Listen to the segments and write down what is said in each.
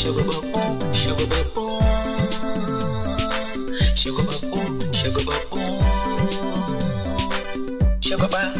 shagaba o shagaba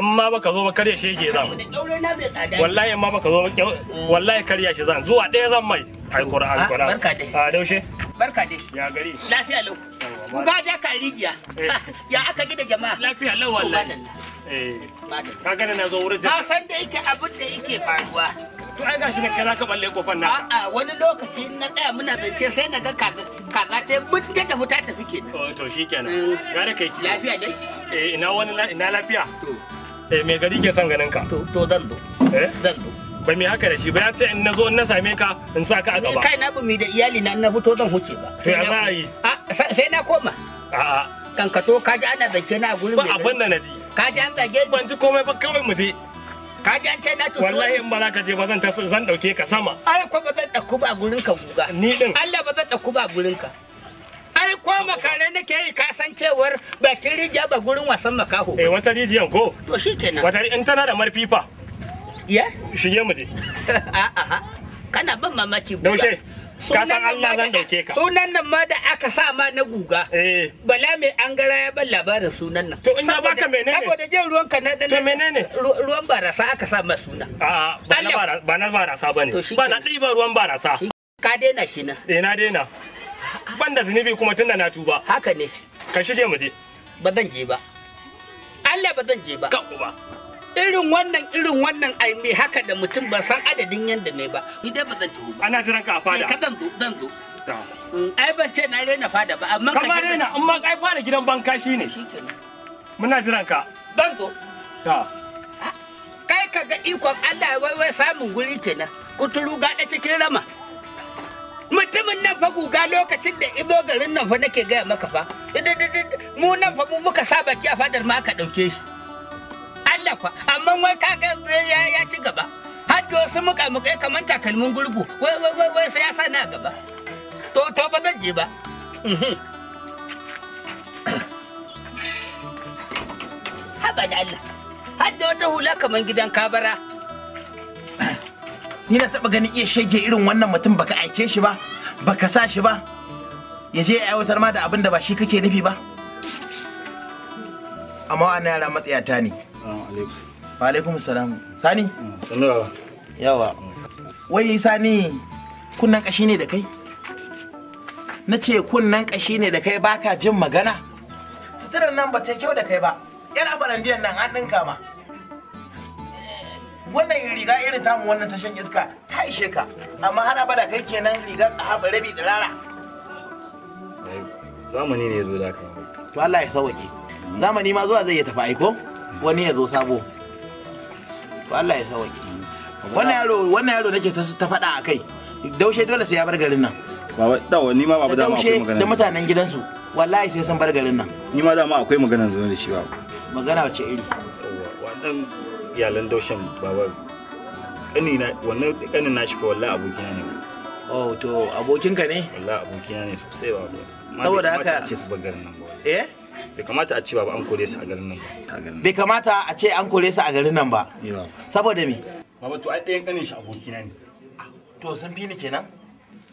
amma baka zo ba karya shege zan wallahi amma baka zo ba wallahi karya shi zan zuwa ɗaya zan mai alkura alkura ah, barka dai a daushe barka dai ya gari lafiya lau buga da ka rigiya eh. ya aka gida jama'a lafiya lau wallahi eh ka gane na zo wurin ka san da yake abin da yake faruwa to ai gashi kai za ka balle kofar naka a'a wani lokaci na tsaya muna zance sai na ga kaza ta mun ta tafi ta tafi kenan oh, to shikenan eh. ga da kai lafiya dai Eh, ina wani ina lafiya to eh me gari ke son ganin ka to to zan zo eh zan zo ba me haka da shi ba ya ce in na zo in na same ka in sa ka a gaba kai na bumi da iyali na na fito zan huce ba sai na yi ah, A sai na koma a'a kan ka to ka ji ana zance na a gurin ba abin da na ji ka ji an zage ban ji komai ba kawai mu je ka ji an ce na tutu wallahi in ba za ka je ba zan ta zan dauke ka sama ai ko ba zan dauko ba gurin ka guga ni din Allah ba zan dauko ba gurin ka ai ko makare nake yi kasancewar bakin rijiya ba gurin wasan makaho eh wata rijiyan ko to shikenan wata in tana da marfifa ya shige mu je a'a kana ban mamaki guda kasan Allah zan dauke ka sunan nan ma da aka sa ma na guga eh. bala mai an gara ya ban labarin sunan nan to ya baka menene saboda jin ruwan ka na to menene ruwan barasa aka sa ma suna a ba na barasa bane ba na ba ruwan barasa ka daina kina eh na daina ban da zunubi kuma tunda na tuba haka ne ka shige mu je ba zan je ba Allah ba zan je ba ka uba irin wannan irin wannan ai me haka da mutum ba san adadin yanda ne ba ni dai ba zan tuba. ba ana jiran ka a fada eh, ka zan tuba zan tuba. Mm, ai ban ce na rena fada ba amma ka rena amma ai fara gidan banka shine muna jiran ka zan tuba. ta kai ka ga ikon Allah wai wai samun guri kenan kuturu ga cikin rama mutumin nan fa guga lokacin da izo garin nan fa nake gaya maka fa mu nan fa mu muka sa baki a fadar ma ka dauke. shi Allah fa amma wai ka ga ya ci gaba har da wasu mukamukai kamar takalmin gurgu wai wai wai wai sai ya sa na gaba to to ba zan je ba uhuh. haba da Allah har da wata hula kamar gidan kabara ni na taba ganin iya shege irin wannan mutum baka aike shi ba baka sa shi ba ya je ya aiwatar ma da abin da ba shi kake nufi ba amma wa yara matsayata ne wa alaikum salam sani mm, yawa wai sani kunnan kashi ne da kai na ce kunnan kashi ne da kai baka jin magana suturar nan ba ta kyau da kai ba yar abalandiyan nan an ɗinka ma wannan riga irin tamu wannan ta shan iska ta ishe ka amma hana bada kai kenan riga a haɓa rabi da rara zamani ne ya zo da ka to Allah ya sauke zamani ma zuwa zai ya tafi aiko wani ya zo sabo to Allah ya sauke wannan yaro wannan yaro nake ta ta faɗa a kai daushe dole sai ya bar garin nan baba dawa ni ma baba dama akwai magana da mutanen gidansu wallahi sai sun bar garin nan ni ma dama akwai magana zo da shi ba magana wace iri iyalan daushen baba kanina wannan kanin nashi fa wallahi abokina ne oh to abokinka ne wallahi abokina ne sosai ba saboda haka ce su bagarin nan ba eh bai kamata a ce ba an kore su a garin nan ba bai kamata a ce an kore su a garin nan ba saboda me baba to ai ɗayan kanin shi abokina ne to sun fi ni kenan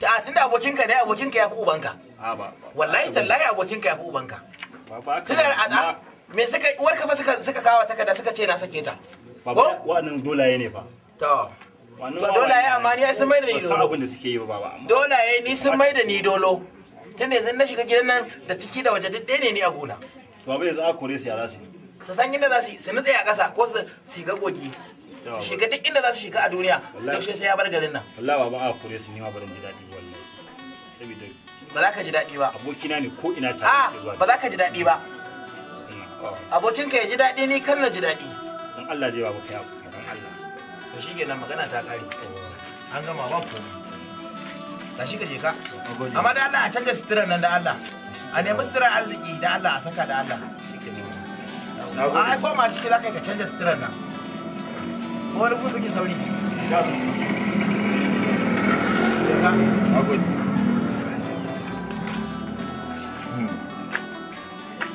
ta tunda abokinka ne abokinka ya fi ubanka a ba wallahi tallahi abokinka ya fi ubanka ba ba tunda me suka uwarka ba suka suka kawo takarda suka ce na sake ta ba ba dolaye ne fa to dolaye amma ni sun mai da ni dolo abin da suke yi ba ba dolaye ni sun mai da ni dolo tun na shiga gidan nan da ciki da waje duk ɗaya ne ni a gona to abin kore su ya za su su san inda za su su nutse a ƙasa ko su shiga gogi su shiga duk inda za su shiga a duniya duk shi sai ya bar garin nan wallahi ba a kore su ni ma barin wallahi ba za ka ji daɗi ba abokina ne ko ina ah, zuwa ba za ka ji daɗi ba abokinka ya ji daɗi ni kan na ji daɗi Allah zai ba kai hakuri dan Allah to shi kenan magana ta kare an gama ba ku ta shi kaje ka amma da Allah a canja sutura nan da Allah a nemi sutura arziki da Allah a saka da Allah a ai ko ma ciki za ka ka canza suturar nan ko wani kuma kake sauri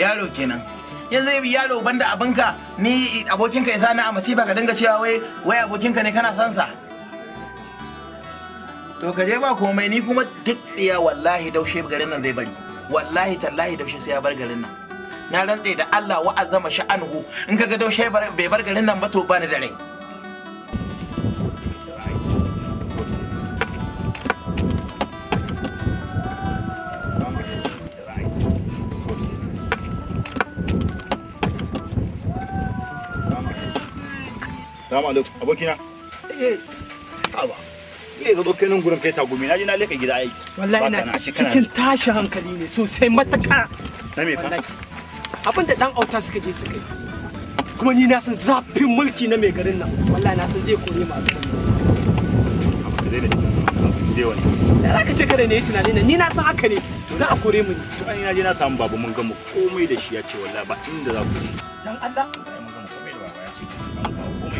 yaro kenan yanzu zai bi yaro banda abinka ni abokinka ya sani a masifa ka dinga cewa wai wai abokinka ne kana son sa to ka je ba komai ni kuma duk tsiya wallahi daushe garin nan zai bari wallahi tallahi daushe sai ya bar garin nan na rantse da Allah wa'azama sha'anhu in kaga daushe bai bar garin nan ba to bani da rai Salamu alaikum. Abokina. Eh. Aba. Me ga dokai nan gurin kai tagumi na ji na leka gida ai. Wallahi ina cikin tashi hankali ne sosai mataka. Na me fa? Abin da dan auta suka je suka yi. Kuma ni na san zafin mulki na mai garin nan. Wallahi na san zai kore ma. Da za ka ce kada ne tunani na ni na san haka ne za a kore mu ne. To an yi na je na samu babu mun gama komai da shi ya ce wallahi ba inda za ku. Dan Allah.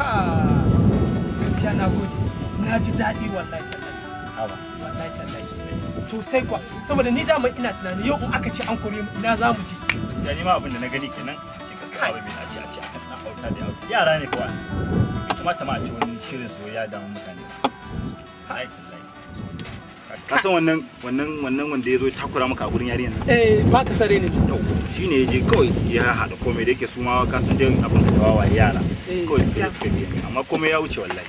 gaskiya na ji daɗi wallahi wallahi tallahi sosai kwa saboda ni dama ina tunani yau in aka ce an kore mu ina za mu je gaskiya ni ma abin da na gani kenan shi gaskiya abin mai aji a ce aka tsana hauta da yau yara ne kuwa kuma ta ma ce wani shirin soyayya da mutane ba ai tallahi ka san wannan wannan wannan wanda ya zo takura maka a gurin yarinyar nan eh ba ka sare ne shine ya je kawai ya haɗa komai da yake su ma ka san dan abin da wawa yara eh, kawai sai suka biya amma komai ya wuce wallahi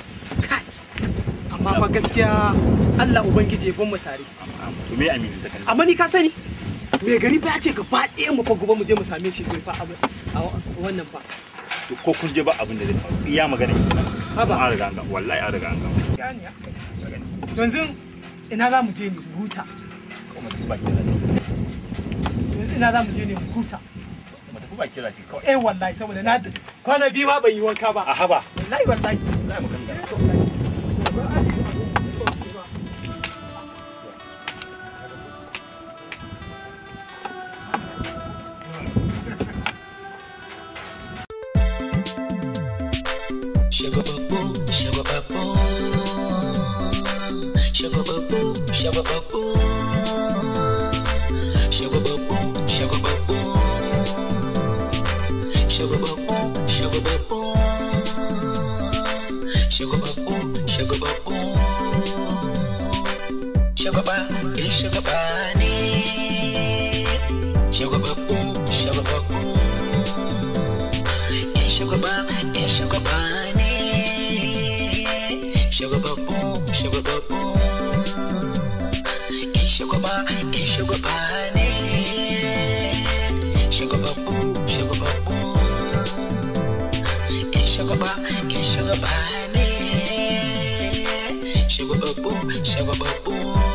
amma fa gaskiya Allah ubangiji ya mu tare to me amini ta kan amma ni ka sani me gari ba ya ce gaba ɗaya mu fa gobe mu je mu same shi fa a wannan fa ko kun je ba abin da zai faru iya magana ki ba ba an riga an ga wallahi an riga an ga yanzu ina za mu je ne mu huta yanzu ina za mu je ne mu huta ba kira ki kawai eh wallahi saboda na kwana biyu ma ban yi wanka ba a haba wallahi wallahi chegou babom, chegou Chegou babu, chegou babu